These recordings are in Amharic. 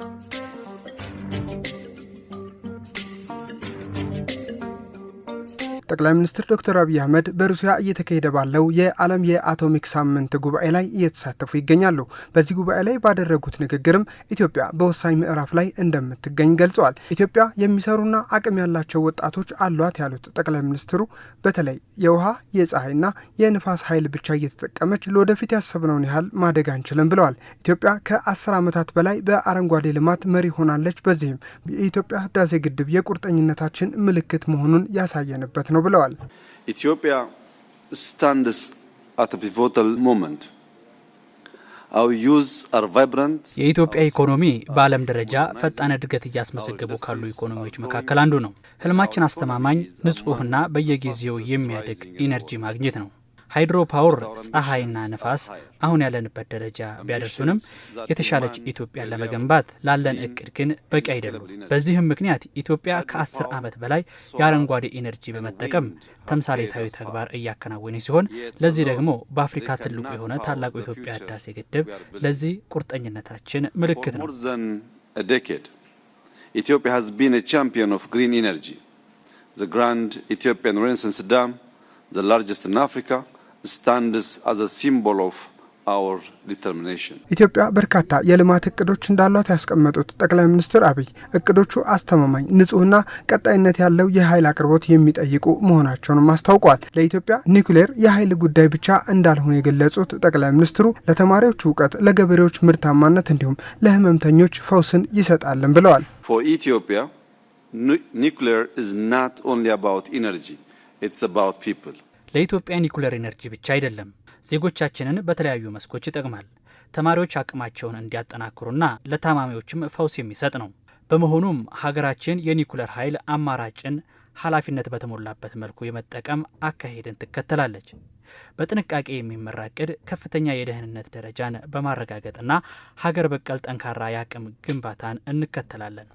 Thank you. ጠቅላይ ሚኒስትር ዶክተር አብይ አህመድ በሩሲያ እየተካሄደ ባለው የዓለም የአቶሚክ ሳምንት ጉባኤ ላይ እየተሳተፉ ይገኛሉ። በዚህ ጉባኤ ላይ ባደረጉት ንግግርም ኢትዮጵያ በወሳኝ ምዕራፍ ላይ እንደምትገኝ ገልጸዋል። ኢትዮጵያ የሚሰሩና አቅም ያላቸው ወጣቶች አሏት ያሉት ጠቅላይ ሚኒስትሩ በተለይ የውሃ የፀሐይና የንፋስ ኃይል ብቻ እየተጠቀመች ለወደፊት ያሰብነውን ያህል ማደግ አንችልም ብለዋል። ኢትዮጵያ ከአስር ዓመታት በላይ በአረንጓዴ ልማት መሪ ሆናለች። በዚህም የኢትዮጵያ ህዳሴ ግድብ የቁርጠኝነታችን ምልክት መሆኑን ያሳየንበት ነው ነው ብለዋል። ኢትዮጵያ ስታንድስ አት ፒቮታል ሞመንት የኢትዮጵያ ኢኮኖሚ በዓለም ደረጃ ፈጣን እድገት እያስመዘገቡ ካሉ ኢኮኖሚዎች መካከል አንዱ ነው። ህልማችን አስተማማኝ ንጹህና በየጊዜው የሚያድግ ኢነርጂ ማግኘት ነው። ሃይድሮ ፓወር ፀሐይና ነፋስ አሁን ያለንበት ደረጃ ቢያደርሱንም የተሻለች ኢትዮጵያን ለመገንባት ላለን እቅድ ግን በቂ አይደሉም። በዚህም ምክንያት ኢትዮጵያ ከአስር ዓመት በላይ የአረንጓዴ ኢነርጂ በመጠቀም ተምሳሌታዊ ተግባር እያከናወነ ሲሆን ለዚህ ደግሞ በአፍሪካ ትልቁ የሆነ ታላቁ የኢትዮጵያ ህዳሴ ግድብ ለዚህ ቁርጠኝነታችን ምልክት ነው። ኢትዮጵያ has ቢን a champion of green energy. The Grand Ethiopian Renaissance Dam, the largest in ኢትዮጵያ በርካታ የልማት እቅዶች እንዳሏት ያስቀመጡት ጠቅላይ ሚኒስትር አብይ እቅዶቹ አስተማማኝ ንጹህና ቀጣይነት ያለው የኃይል አቅርቦት የሚጠይቁ መሆናቸውንም አስታውቋል። ለኢትዮጵያ ኒውክሌር የኃይል ጉዳይ ብቻ እንዳልሆነ የገለጹት ጠቅላይ ሚኒስትሩ ለተማሪዎች እውቀት፣ ለገበሬዎች ምርታማነት እንዲሁም ለህመምተኞች ፈውስን ይሰጣልን ብለዋል። ኢትዮጵያ ኒውክሌር ኢዝ ናት ኦንሊ ኢነርጂ ኢትስ አባውት ፒፕል ለኢትዮጵያ ኒኩለር ኤነርጂ ብቻ አይደለም፣ ዜጎቻችንን በተለያዩ መስኮች ይጠቅማል። ተማሪዎች አቅማቸውን እንዲያጠናክሩና ለታማሚዎችም ፈውስ የሚሰጥ ነው። በመሆኑም ሀገራችን የኒኩለር ኃይል አማራጭን ኃላፊነት በተሞላበት መልኩ የመጠቀም አካሄድን ትከተላለች። በጥንቃቄ የሚመራ እቅድ ከፍተኛ የደህንነት ደረጃን በማረጋገጥና ሀገር በቀል ጠንካራ የአቅም ግንባታን እንከተላለን።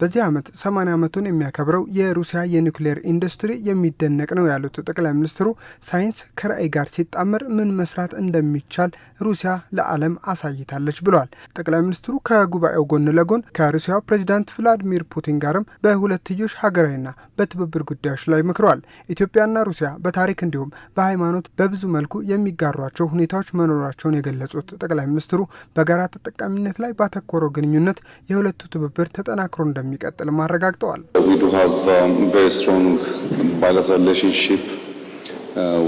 በዚህ ዓመት 80 ዓመቱን የሚያከብረው የሩሲያ የኒውክሌር ኢንዱስትሪ የሚደነቅ ነው ያሉት ጠቅላይ ሚኒስትሩ ሳይንስ ከራዕይ ጋር ሲጣመር ምን መስራት እንደሚቻል ሩሲያ ለዓለም አሳይታለች ብለዋል። ጠቅላይ ሚኒስትሩ ከጉባኤው ጎን ለጎን ከሩሲያው ፕሬዚዳንት ቭላዲሚር ፑቲን ጋርም በሁለትዮሽ ሀገራዊና በትብብር ጉዳዮች ላይ መክረዋል። ኢትዮጵያና ሩሲያ በታሪክ እንዲሁም በሃይማኖት በብዙ መልኩ የሚጋሯቸው ሁኔታዎች መኖራቸውን የገለጹት ጠቅላይ ሚኒስትሩ በጋራ ተጠቃሚነት ላይ ባተኮረው ግንኙነት የሁለቱ ትብብር ተጠናክሮ እንደሚቀጥልም አረጋግጠዋል። um,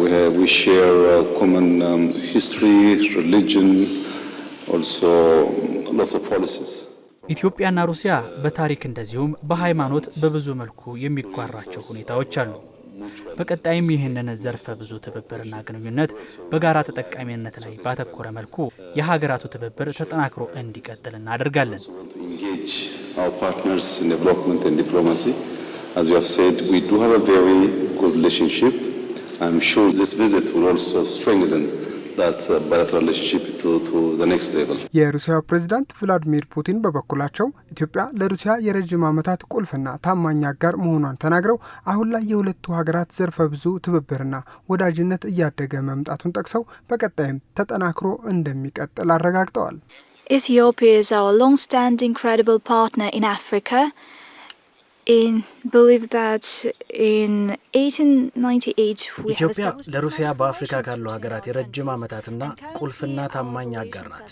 uh, uh, um, ኢትዮጵያና ሩሲያ በታሪክ እንደዚሁም በሃይማኖት በብዙ መልኩ የሚጓራቸው ሁኔታዎች አሉ። በቀጣይም ይህንን ዘርፈ ብዙ ትብብርና ግንኙነት በጋራ ተጠቃሚነት ላይ ባተኮረ መልኩ የሀገራቱ ትብብር ተጠናክሮ እንዲቀጥል እናደርጋለን። I'm sure this visit will Uh, የሩሲያው ፕሬዝዳንት ቭላዲሚር ፑቲን በበኩላቸው ኢትዮጵያ ለሩሲያ የረዥም ዓመታት ቁልፍና ታማኝ አጋር መሆኗን ተናግረው አሁን ላይ የሁለቱ ሀገራት ዘርፈ ብዙ ትብብርና ወዳጅነት እያደገ መምጣቱን ጠቅሰው በቀጣይም ተጠናክሮ እንደሚቀጥል አረጋግጠዋል። ኢትዮጵያ is our long-standing credible partner ኢትዮጵያ ለሩሲያ በአፍሪካ ካሉ ሀገራት የረጅም ዓመታትና ቁልፍና ታማኝ አጋር ናት።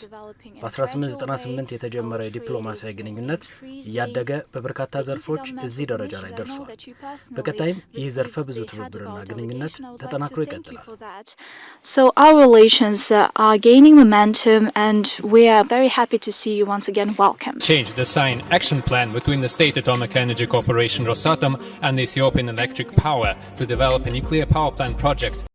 በ1898 የተጀመረ የዲፕሎማሲያዊ ግንኙነት እያደገ በበርካታ ዘርፎች እዚህ ደረጃ ላይ ደርሷል። በቀጣይም ይህ ዘርፈ ብዙ ትብብርና ግንኙነት ተጠናክሮ ይቀጥላል። Change the sign action plan between the State Atomic Energy Operation Rosatom and Ethiopian Electric Power to develop a nuclear power plant project